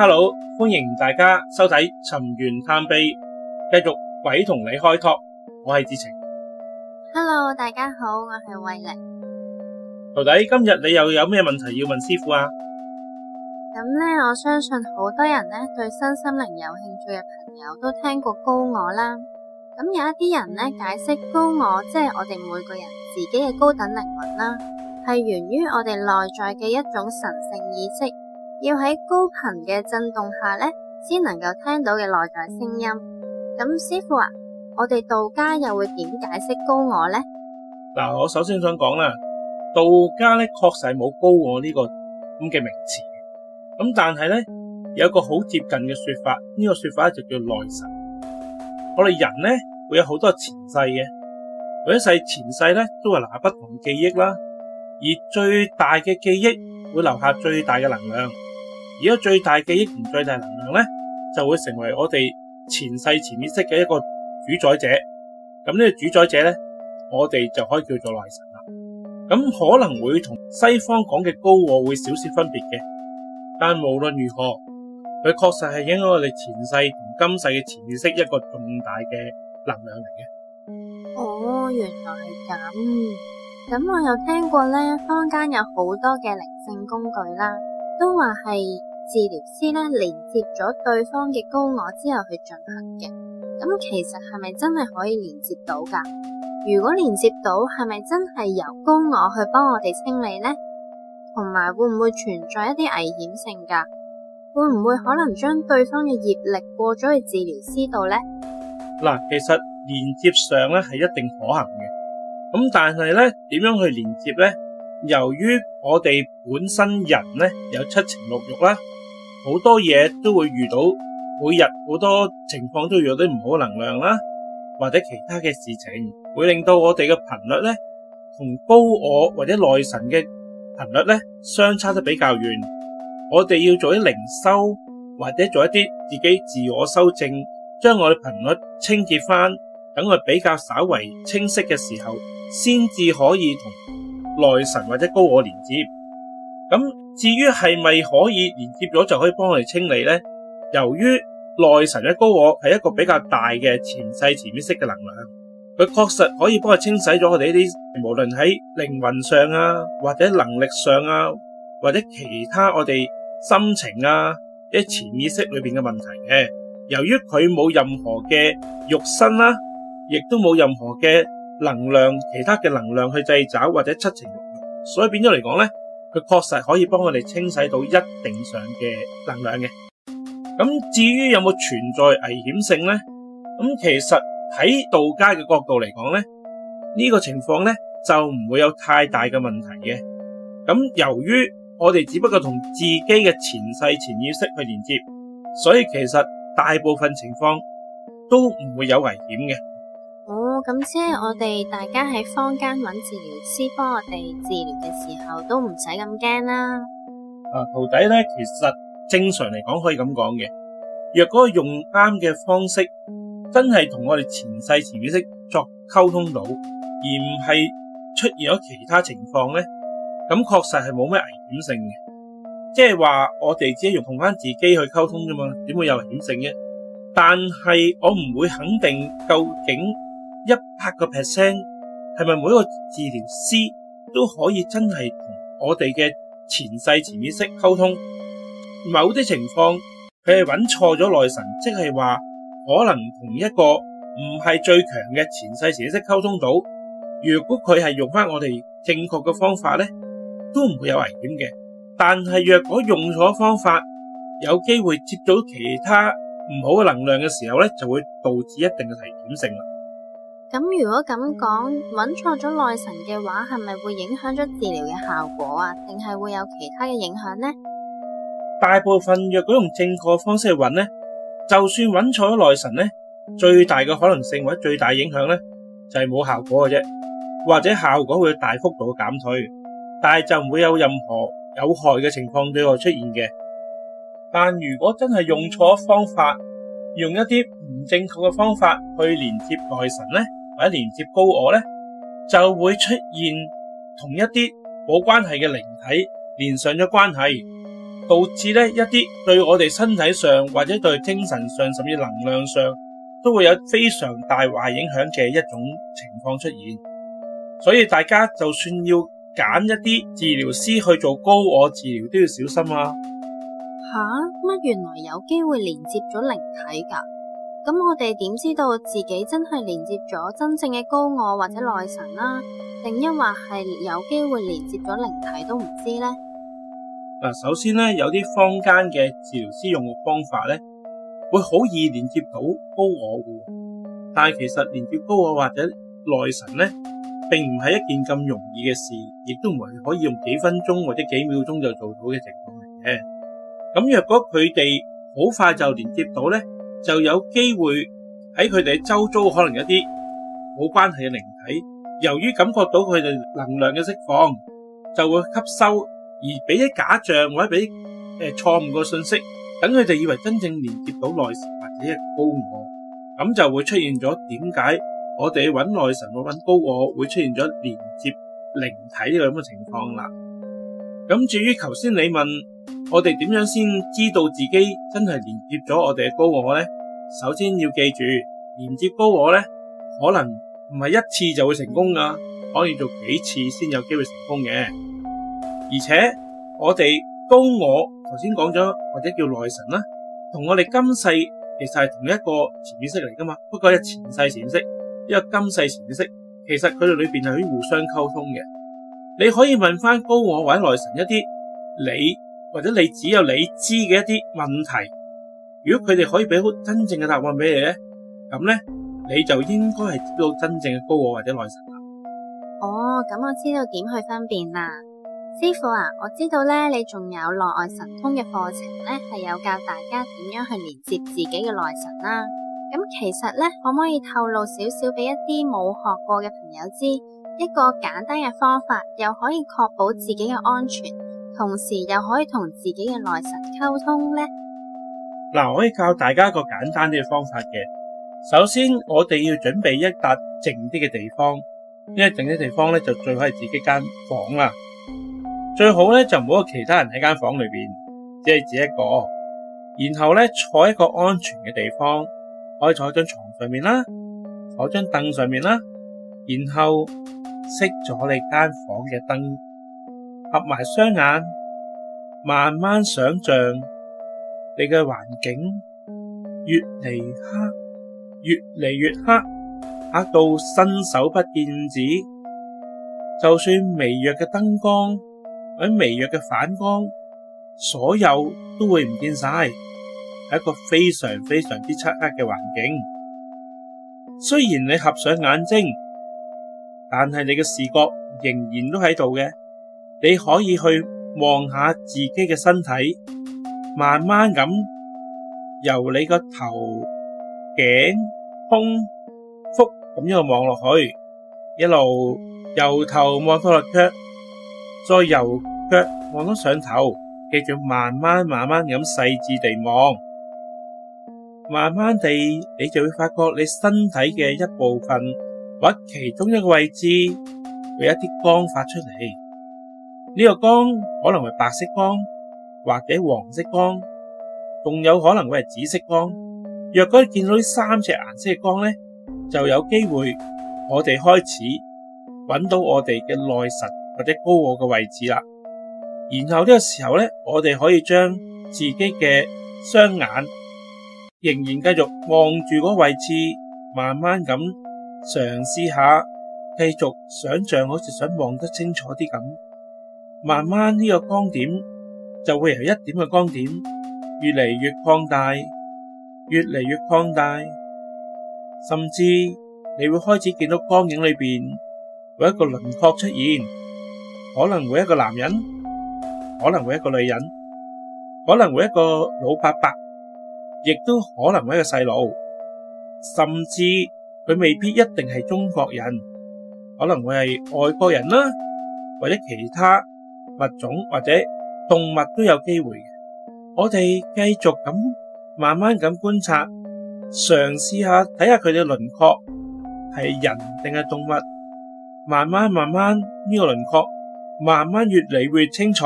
Hello，歡迎大家收睇《尋玄探秘》，繼續鬼同你開 Talk。我係智澄。Hello，大家好，我係衛力徒弟。今日你又有咩問題要問師傅啊？咁呢，我相信好多人呢對身心靈有興趣嘅朋友都聽過高我啦。咁有一啲人呢解釋高我，即係我哋每個人自己嘅高等靈魂啦，係源於我哋內在嘅一種神聖意識。要喺高頻嘅震動下咧，先能夠聽到嘅內在聲音。咁師傅啊，我哋道家又會點解釋高我咧？嗱，我首先想講啦，道家咧確實冇高我呢個咁嘅名詞。咁但係咧，有個好接近嘅說法，呢個說法就叫內神。我哋人咧會有好多前世嘅，每一世前世咧都係留下不同記憶啦，而最大嘅記憶會留下最大嘅能量。而家最大嘅記憶同最大能量咧，就會成為我哋前世潛意識嘅一個主宰者。咁呢個主宰者咧，我哋就可以叫做內神啦。咁可能會同西方講嘅高我會少少分別嘅，但無論如何，佢確實係影響我哋前世同今世嘅潛意識一個重大嘅能量嚟嘅。哦，原來係咁。咁我又聽過咧，坊間有好多嘅靈性工具啦，都話係。治療師咧，連接咗對方嘅高我之後去進行嘅。咁其實係咪真係可以連接到噶？如果連接到，係咪真係由高我去幫我哋清理呢？同埋會唔會存在一啲危險性噶？會唔會可能將對方嘅業力過咗去治療師度呢？嗱，其實連接上咧，係一定可行嘅，咁但係咧，點樣去連接呢？由於我哋本身人咧有七情六欲啦。好多嘢都會遇到，每日好多情況都有啲唔好能量啦，或者其他嘅事情，會令到我哋嘅頻率咧，同高我或者內神嘅頻率咧，相差得比較遠。我哋要做啲靈修，或者做一啲自己自我修正，將我哋頻率清潔翻，等佢比較稍為清晰嘅時候，先至可以同內神或者高我連接。咁至於係咪可以連接咗就可以幫我哋清理呢？由於內神嘅高我係一個比較大嘅前世潛意識嘅能量，佢確實可以幫佢清洗咗我哋呢啲無論喺靈魂上啊，或者能力上啊，或者其他我哋心情啊、一潛意識裏邊嘅問題嘅。由於佢冇任何嘅肉身啦，啊，亦都冇任何嘅能量，其他嘅能量去製造或者七情六欲，所以變咗嚟講呢。佢確實可以幫我哋清洗到一定上嘅能量嘅。咁至於有冇存在危險性咧？咁其實喺道家嘅角度嚟講咧，呢、呢個情況咧就唔會有太大嘅問題嘅。咁由於我哋只不過同自己嘅前世潛意識去連接，所以其實大部分情況都唔會有危險嘅。咁即係我哋大家喺坊間揾治療師幫我哋治療嘅時候，都唔使咁驚啦。啊，徒弟咧，其實正常嚟講可以咁講嘅。若果用啱嘅方式，真係同我哋前世潛意識作溝通到，而唔係出現咗其他情況咧，咁確實係冇咩危險性嘅。即係話我哋只係用同翻自己去溝通啫嘛，點會有危險性嘅？但係我唔會肯定究竟。一百個 percent 係咪每個治療師都可以真係同我哋嘅前世潛意識溝通？某啲情況佢係揾錯咗內神，即係話可能同一個唔係最強嘅前世潛意識溝通到。如果佢係用翻我哋正確嘅方法咧，都唔會有危險嘅。但係若果用錯方法，有機會接觸到其他唔好嘅能量嘅時候咧，就會導致一定嘅危險性啦。咁如果咁講，揾錯咗內神嘅話，係咪會影響咗治療嘅效果啊？定係會有其他嘅影響呢？大部分若果用正確方式去揾呢，就算揾錯咗內神呢，最大嘅可能性或者最大影響呢，就係冇效果嘅啫，或者效果會大幅度減退，但係就唔會有任何有害嘅情況對外出現嘅。但如果真係用錯方法，用一啲唔正確嘅方法去連接內神呢？或者連接高我呢，就會出現同一啲冇關係嘅靈體連上咗關係，導致呢一啲對我哋身體上或者對精神上甚至能量上都會有非常大壞影響嘅一種情況出現。所以大家就算要揀一啲治療師去做高我治療都要小心啊！吓、啊，乜原來有機會連接咗靈體噶？咁我哋點知道自己真係連接咗真正嘅高我或者內神啦，啊，定抑或係有機會連接咗靈體都唔知咧？嗱，首先咧，有啲坊間嘅治療師用嘅方法咧，會好易連接到高我，但係其實連接高我或者內神咧，並唔係一件咁容易嘅事，亦都唔係可以用幾分鐘或者幾秒鐘就做到嘅情況嚟嘅。咁若果佢哋好快就連接到咧，就有機會喺佢哋周遭可能有啲冇關係嘅靈體，由於感覺到佢哋能量嘅釋放，就會吸收而俾啲假象或者俾誒錯誤嘅信息，等佢哋以為真正連接到內神或者一個高我，咁就會出現咗點解我哋揾內神或揾高我會出現咗連接靈體呢個咁嘅情況啦。咁至於頭先你問我哋點樣先知道自己真係連接咗我哋嘅高我咧，首先要記住連接高我咧，可能唔係一次就會成功噶，可以做幾次先有機會成功嘅。而且我哋高我頭先講咗或者叫內神啦，啊，同我哋今世其實係同一個潛意識嚟噶嘛，不過一前世潛意識，一個今世潛意識，其實佢哋裏邊係可以互相溝通嘅。你可以問翻高我或者內神一啲你或者你只有你知嘅一啲問題，如果佢哋可以俾好真正嘅答案俾你咧，咁咧你就應該係接到真正嘅高我或者內神啦。哦，咁、嗯嗯、我知道點去分辨啦，師父啊，我知道咧你仲有內外神通嘅課程咧，係有教大家點樣去連接自己嘅內神啦、啊。咁其實咧可唔可以透露少少俾一啲冇學過嘅朋友知？一個簡單嘅方法，又可以確保自己嘅安全，同時又可以同自己嘅內神溝通呢，嗱，我可以教大家一個簡單啲嘅方法嘅。首先，我哋要準備一笪靜啲嘅地方，因為靜啲地方咧就最好係自己間房啦。最好咧就唔好其他人喺間房裏邊，只係自己一個。然後咧坐一個安全嘅地方，可以坐喺張床上面啦，坐張凳上面啦，然後。熄咗你間房嘅燈，合埋雙眼，慢慢想象你嘅環境越嚟黑，越嚟越黑，黑到伸手不見指。就算微弱嘅燈光，喺微弱嘅反光，所有都會唔見晒，係一個非常非常之漆黑嘅環境。雖然你合上眼睛。但係你嘅視覺仍然都喺度嘅，你可以去望下自己嘅身體，慢慢咁由你個頭頸、胸、腹咁樣望落去，一路由頭望到落腳，再由腳望到上頭，繼續慢慢慢慢咁細緻地望，慢慢地你就會發覺你身體嘅一部分。搵其中一個位置，有一啲光發出嚟。呢個光可能係白色光，或者黃色光，仲有可能會係紫色光。若果你見到呢三隻顏色嘅光咧，就有機會我哋開始搵到我哋嘅內神或者高我嘅位置啦。然後呢個時候咧，我哋可以將自己嘅雙眼仍然繼續望住嗰個位置，慢慢咁。嘗試下繼續想象，好似想望得清楚啲咁，慢慢呢個光點就會由一點嘅光點越嚟越擴大，越嚟越擴大，甚至你會開始見到光影裏邊會一個輪廓出現，可能會一個男人，可能會一個女人，可能會一個老伯伯，亦都可能會一個細路，甚至佢未必一定係中國人，可能會係外國人啦，或者其他物種或者動物都有機會。我哋繼續咁慢慢咁觀察，嘗試下睇下佢嘅輪廓係人定係動物。慢慢慢慢呢個輪廓，慢慢越嚟越清楚，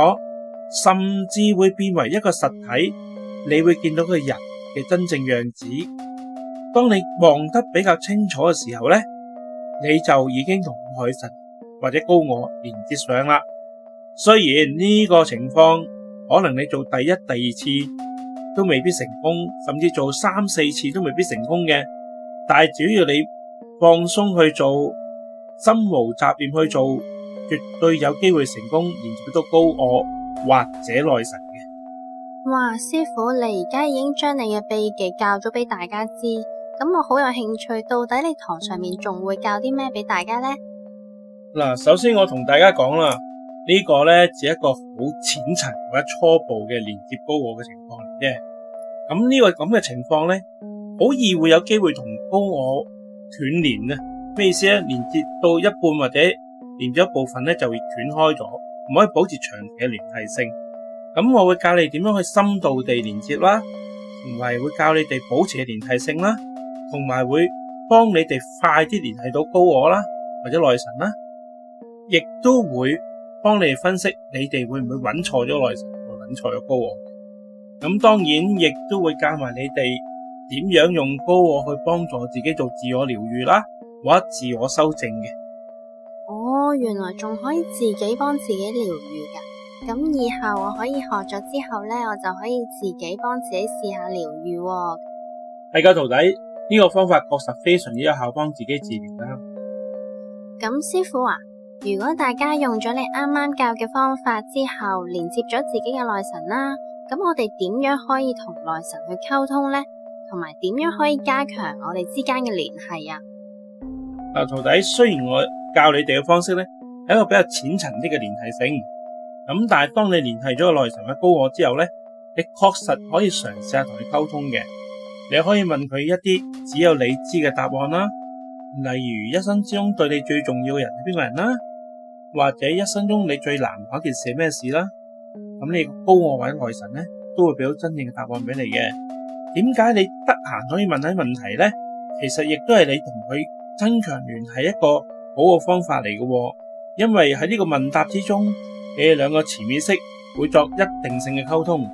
甚至會變為一個實體。你會見到個人嘅真正樣子。當你望得比較清楚嘅時候咧，你就已經同內神或者高我連接上啦。雖然呢個情況可能你做第一、第二次都未必成功，甚至做三四次都未必成功嘅，但係只要你放鬆去做，心無雜念去做，絕對有機會成功連接到高我或者內神嘅。哇，師傅，你而家已經將你嘅秘技教咗俾大家知。咁我好有興趣，到底你堂上面仲會教啲咩俾大家咧？嗱，首先我同大家講啦，呢個咧只係一個好淺層或者初步嘅連接高我嘅情況嚟啫。咁呢個咁嘅情況咧，好易會有機會同高我斷連啊？咩意思咧？連接到一半或者連咗部分咧，就會斷開咗，唔可以保持長期嘅連繫性。咁我會教你點樣去深度地連接啦，同埋會教你哋保持嘅連繫性啦。同埋會幫你哋快啲聯繫到高我啦，或者內神啦，亦都會幫你哋分析你哋會唔會揾錯咗內神，或揾錯咗高我。咁當然亦都會教埋你哋點樣用高我去幫助自己做自我療愈啦，或者自我修正嘅。哦，原來仲可以自己幫自己療愈噶。咁以後我可以學咗之後咧，我就可以自己幫自己試下療愈喎。係噶，徒弟。呢個方法確實非常之有效，幫自己治療啦。咁師傅啊，如果大家用咗你啱啱教嘅方法之後，連接咗自己嘅內神啦，啊，咁我哋點樣可以同內神去溝通呢？同埋點樣可以加強我哋之間嘅聯繫啊？啊，徒弟，雖然我教你哋嘅方式呢係一個比較淺層啲嘅連繫性，咁但係當你連繫咗個內神嘅高我之後呢，你確實可以嘗試下同佢溝通嘅。你可以問佢一啲只有你知嘅答案啦，例如一生之中對你最重要嘅人係邊個人啦，或者一生中你最難嘅一件事係咩事啦，咁你高我或者內神咧都會俾到真正嘅答案俾你嘅。點解你得閒可以問下問題咧？其實亦都係你同佢增強聯繫一個好嘅方法嚟嘅，因為喺呢個問答之中你哋兩個潛意識會作一定性嘅溝通。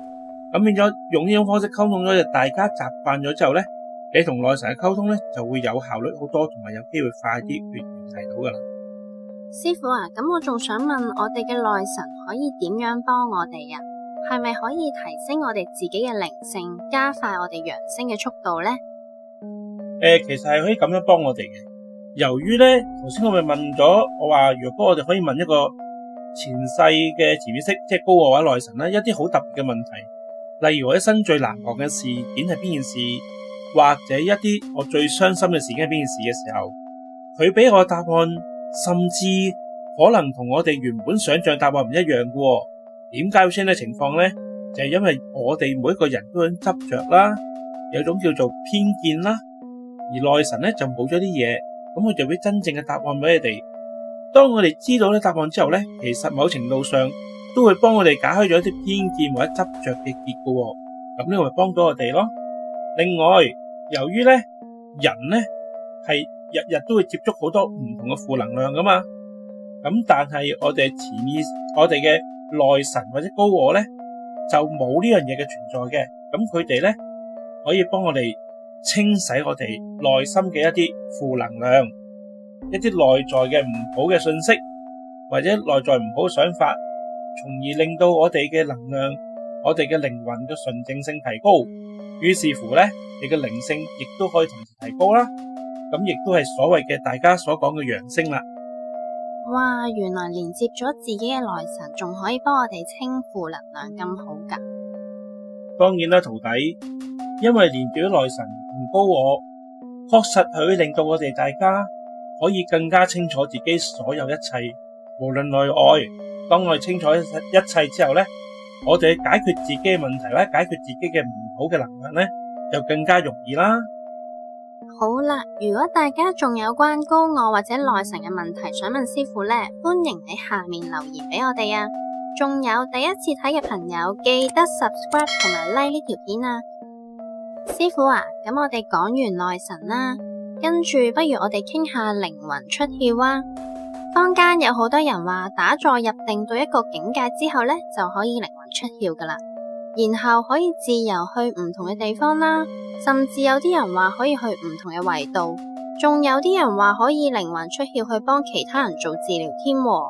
咁變咗用呢種方式溝通咗，就大家習慣咗之後咧，你同內神嘅溝通咧就會有效率好多，同埋有機會快啲去聯繫到噶。嗯、越越師傅啊，咁我仲想問我哋嘅內神可以點樣幫我哋啊？係咪可以提升我哋自己嘅靈性，加快我哋揚升嘅速度咧？誒、呃，其實係可以咁樣幫我哋嘅。由於咧，頭先我咪問咗，我話若果我哋可以問一個前世嘅潛意識，即係高我話內神咧，一啲好特別嘅問題。例如我一生最難忘嘅事件係邊件事，或者一啲我最傷心嘅事件係邊件事嘅時候，佢俾我答案，甚至可能同我哋原本想象答案唔一樣嘅，哦。點解會出現呢情況？咧就係、是、因為我哋每一個人都執着啦，有種叫做偏見啦，而內神咧就冇咗啲嘢，咁佢就俾真正嘅答案俾你哋。當我哋知道呢答案之後咧，其實某程度上。都會幫我哋解開咗一啲偏見或者執着嘅結果喎，咁呢，我咪幫到我哋咯。另外，由於咧人咧係日日都會接觸好多唔同嘅負能量噶嘛，咁但係我哋潛意識我哋嘅內神或者高我咧就冇呢樣嘢嘅存在嘅，咁佢哋咧可以幫我哋清洗我哋內心嘅一啲負能量，一啲內在嘅唔好嘅信息或者內在唔好嘅想法。從而令到我哋嘅能量，我哋嘅靈魂嘅純正性提高，於是乎呢，你嘅靈性亦都可以同時提高啦。咁亦都係所謂嘅大家所講嘅揚升啦。哇，原來連接咗自己嘅內神，仲可以幫我哋清負能量咁好噶？當然啦，徒弟，因為連接內神唔高我，確實佢令到我哋大家可以更加清楚自己所有一切，無論內外。當我哋清楚一切之後呢，我哋解決自己嘅問題呢，解決自己嘅唔好嘅能量呢就更加容易啦。好啦，如果大家仲有關高我或者內神嘅問題，想問師傅呢，歡迎喺下面留言畀我哋啊。仲有第一次睇嘅朋友，記得 subscribe 同埋 like 呢條片啊。師傅啊，咁我哋講完內神啦，跟住不如我哋傾下靈魂出竅啊。坊間有好多人話打坐入定到一個境界之後呢，就可以靈魂出竅㗎喇，然後可以自由去唔同嘅地方啦，甚至有啲人話可以去唔同嘅維度，仲有啲人話可以靈魂出竅去幫其他人做治療添。咁，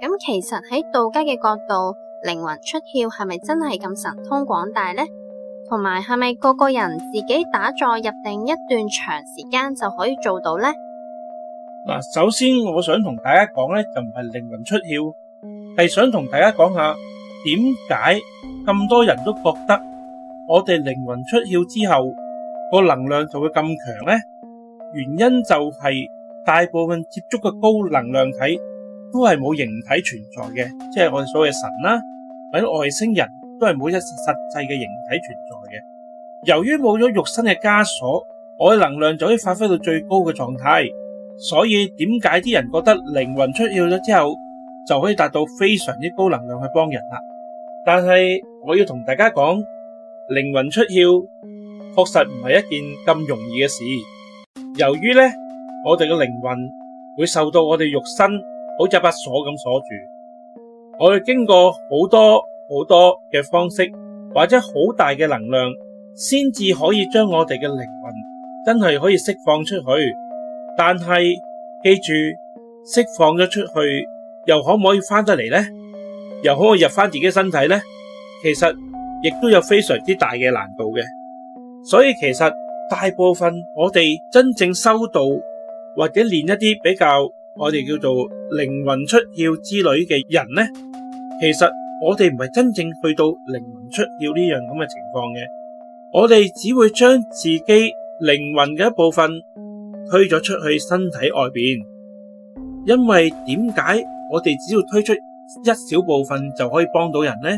嗯，其實喺道家嘅角度，靈魂出竅係咪真係咁神通廣大呢？同埋係咪個個人自己打坐入定一段長時間就可以做到呢？嗱，首先我想同大家講咧，就唔係靈魂出竅，係想同大家講下點解咁多人都覺得我哋靈魂出竅之後個能量就會咁強呢？原因就係大部分接觸嘅高能量體都係冇形體存在嘅，即係我哋所謂神啦，或者外星人都係冇一實際嘅形體存在嘅。由於冇咗肉身嘅枷鎖，我嘅能量就可以發揮到最高嘅狀態。所以點解啲人覺得靈魂出竅咗之後就可以達到非常之高能量去幫人啦？但係我要同大家講，靈魂出竅確實唔係一件咁容易嘅事。由於咧，我哋嘅靈魂會受到我哋肉身好似一把鎖咁鎖住，我哋經過好多好多嘅方式或者好大嘅能量，先至可以將我哋嘅靈魂真係可以釋放出去。但係記住，釋放咗出去，又可唔可以翻得嚟呢？又可唔可以入翻自己身體呢？其實亦都有非常之大嘅難度嘅。所以其實大部分我哋真正修道或者練一啲比較我哋叫做靈魂出竅之類嘅人呢，其實我哋唔係真正去到靈魂出竅呢樣咁嘅情況嘅，我哋只會將自己靈魂嘅一部分。推咗出去身體外邊，因為點解我哋只要推出一小部分就可以幫到人呢？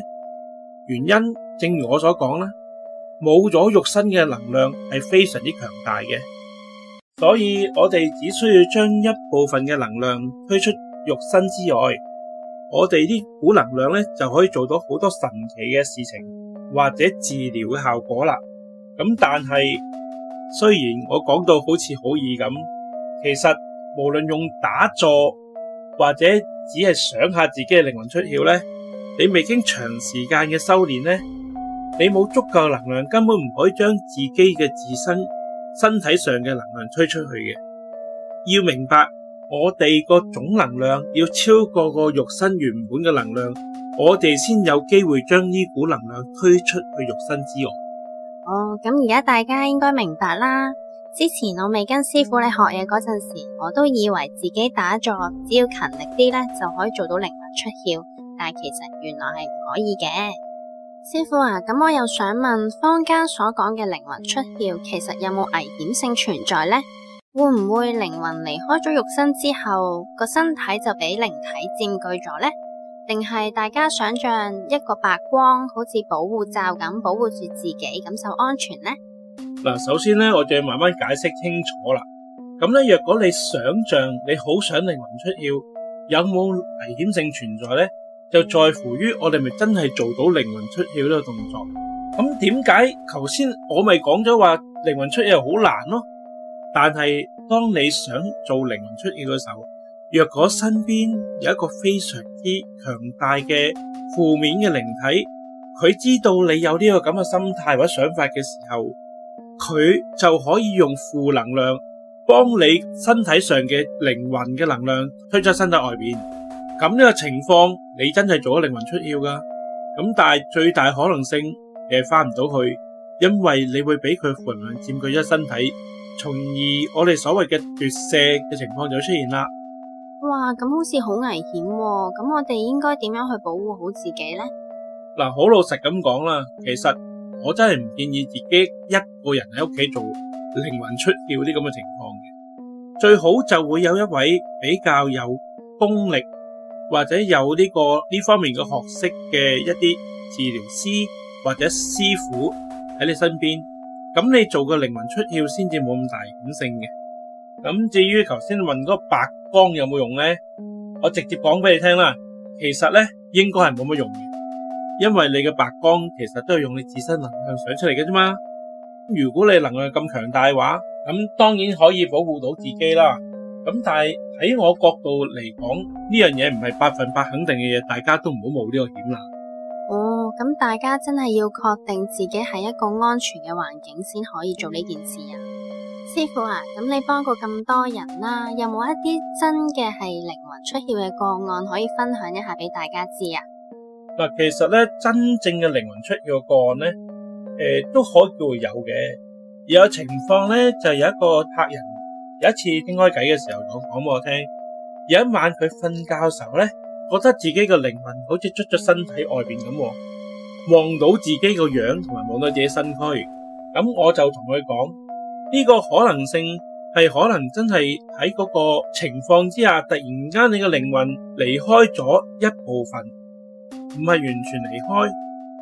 原因正如我所講啦，冇咗肉身嘅能量係非常之強大嘅，所以我哋只需要將一部分嘅能量推出肉身之外，我哋啲股能量咧就可以做到好多神奇嘅事情或者治療嘅效果啦。咁但係。雖然我講到好似好易咁，其實無論用打坐或者只係想下自己嘅靈魂出竅咧，你未經長時間嘅修煉咧，你冇足夠能量，根本唔可以將自己嘅自身身體上嘅能量推出去嘅。要明白我哋個總能量要超過個肉身原本嘅能量，我哋先有機會將呢股能量推出去肉身之外。哦，咁而家大家應該明白啦。之前我未跟師傅你學嘢嗰陣時，我都以為自己打坐只要勤力啲呢，就可以做到靈魂出竅，但係其實原來係唔可以嘅。師傅啊，咁我又想問，坊間所講嘅靈魂出竅，其實有冇危險性存在呢？會唔會靈魂離開咗肉身之後，個身體就俾靈體佔據咗呢？定係大家想象一個白光，好似保護罩咁保護住自己，感受安全呢？嗱，首先咧，我就要慢慢解釋清楚啦。咁咧，若果你想象你好想靈魂出竅，有冇危險性存在咧？就在乎於我哋咪真係做到靈魂出竅呢個動作。咁點解頭先我咪講咗話靈魂出竅好難咯？但係當你想做靈魂出竅嘅時候。若果身邊有一個非常之強大嘅負面嘅靈體，佢知道你有呢個咁嘅心態或者想法嘅時候，佢就可以用負能量幫你身體上嘅靈魂嘅能量推出身體外邊。咁呢個情況你真係做咗靈魂出竅噶，咁但係最大可能性你係翻唔到去，因為你會俾佢負能量佔據咗身體，從而我哋所謂嘅奪舍嘅情況就出現啦。哇，咁好似好危險，哦，咁我哋應該點樣去保護好自己呢？嗱，好老實咁講啦，其實我真係唔建議自己一個人喺屋企做靈魂出竅啲咁嘅情況，最好就會有一位比較有功力或者有呢、呢個呢方面嘅學識嘅一啲治療師或者師傅喺你身邊，咁你做個靈魂出竅先至冇咁大可能性嘅。咁至於頭先問嗰個白光有冇用呢？我直接講俾你聽啦。其實呢，應該係冇乜用嘅，因為你嘅白光其實都係用你自身能量想出嚟嘅啫嘛。如果你能量咁強大嘅話，咁當然可以保護到自己啦。咁但係喺我角度嚟講，呢樣嘢唔係百分百肯定嘅嘢，大家都唔好冒呢個險啦。哦，咁大家真係要確定自己喺一個安全嘅環境先可以做呢件事啊。師傅啊，咁你幫過咁多人啦、啊，有冇一啲真嘅係靈魂出竅嘅個案可以分享一下俾大家知啊？嗱，其實咧，真正嘅靈魂出竅個案咧，誒、呃，都可以會有嘅。而有情況咧，就係、有一個客人有一次傾開偈嘅時候，講講俾我聽。有一晚佢瞓覺嘅時候咧，覺得自己個靈魂好似出咗身體外邊咁，望到自己個樣同埋望到自己身軀。咁我就同佢講。呢個可能性係可能真係喺嗰個情況之下，突然間你嘅靈魂離開咗一部分，唔係完全離開，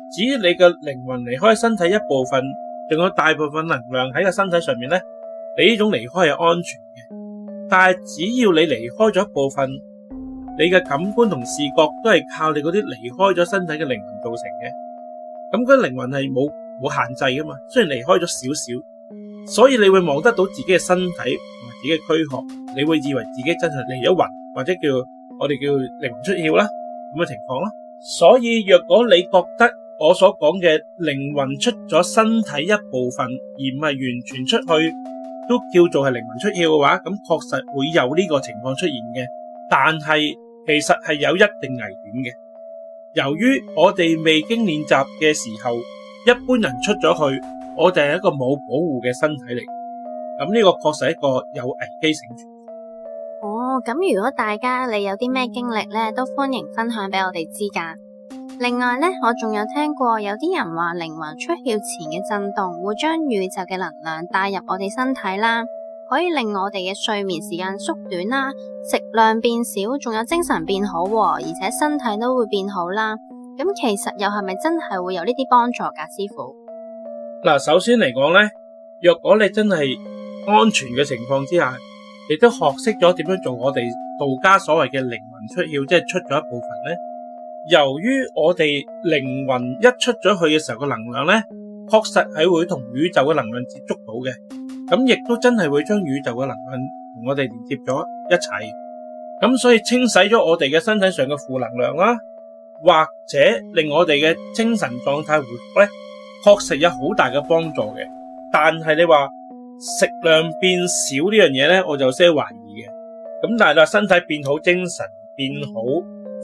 只你嘅靈魂離開身體一部分，仲有大部分能量喺個身體上面呢，你呢種離開係安全嘅，但係只要你離開咗一部分，你嘅感官同視覺都係靠你嗰啲離開咗身體嘅靈魂造成嘅。咁嗰啲靈魂係冇冇限制㗎嘛，雖然離開咗少少。所以你會望得到自己嘅身體同埋自己嘅軀殼，你會以為自己真係離咗魂，或者叫我哋叫靈魂出竅啦，咁嘅情況啦。所以若果你覺得我所講嘅靈魂出咗身體一部分而唔係完全出去，都叫做係靈魂出竅嘅話，咁確實會有呢個情況出現嘅。但係其實係有一定危險嘅，由於我哋未經練習嘅時候，一般人出咗去。我哋係一個冇保護嘅身體嚟，咁呢個確實係一個有危機性存在。哦，咁如果大家你有啲咩經歷呢，都歡迎分享畀我哋知噶。另外呢，我仲有聽過有啲人話靈魂出竅前嘅震動會將宇宙嘅能量帶入我哋身體啦，可以令我哋嘅睡眠時間縮短啦，食量變少，仲有精神變好，啊，而且身體都會變好啦。咁其實又係咪真係會有呢啲幫助噶，師傅？嗱，首先嚟講呢，若果你真係安全嘅情況之下，你都學識咗點樣做我哋道家所謂嘅靈魂出竅，即係出咗一部分呢，由於我哋靈魂一出咗去嘅時候，個能量呢，確實係會同宇宙嘅能量接觸到嘅，咁亦都真係會將宇宙嘅能量同我哋連接咗一齊。咁所以清洗咗我哋嘅身體上嘅負能量啦，或者令我哋嘅精神狀態回復呢。確實有好大嘅幫助嘅，但係你話食量變少呢樣嘢呢，我就有些懷疑嘅。咁但係話身體變好、精神變好、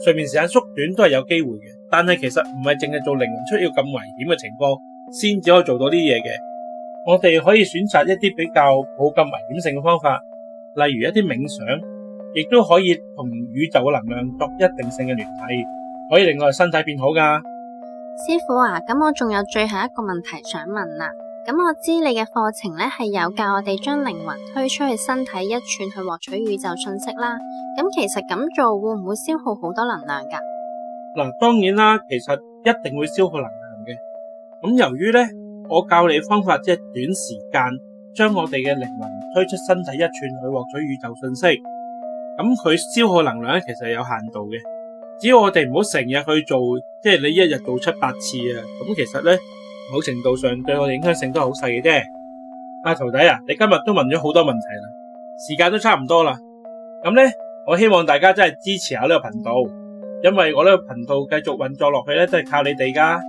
睡眠時間縮短都係有機會嘅。但係其實唔係淨係做靈魂出竅咁危險嘅情況先至可以做到呢嘢嘅。我哋可以選擇一啲比較冇咁危險性嘅方法，例如一啲冥想，亦都可以同宇宙嘅能量作一定性嘅聯繫，可以令我哋身體變好噶。師傅啊，咁我仲有最後一個問題想問啦。咁我知你嘅課程呢係有教我哋將靈魂推出去身體一寸去獲取宇宙信息啦。咁其實咁做會唔會消耗好多能量㗎？嗱，當然啦，其實一定會消耗能量嘅。咁由於呢，我教你嘅方法，即係短時間將我哋嘅靈魂推出身體一寸去獲取宇宙信息，咁佢消耗能量咧其實係有限度嘅。只要我哋唔好成日去做，即係你一日做七八次啊。咁其實呢，某程度上對我哋影響性都好細嘅啫。阿、啊、徒弟啊，你今日都問咗好多問題啦，時間都差唔多啦。咁呢，我希望大家真係支持下呢個頻道，因為我呢個頻道繼續運作落去呢，都係靠你哋噶。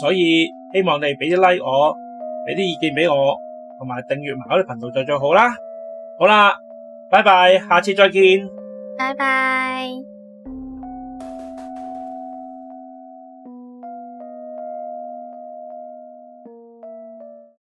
所以希望你俾啲 like 我，俾啲意見俾我，同埋訂閱埋我呢個頻道再最好啦。好啦，拜拜，下次再見，拜拜。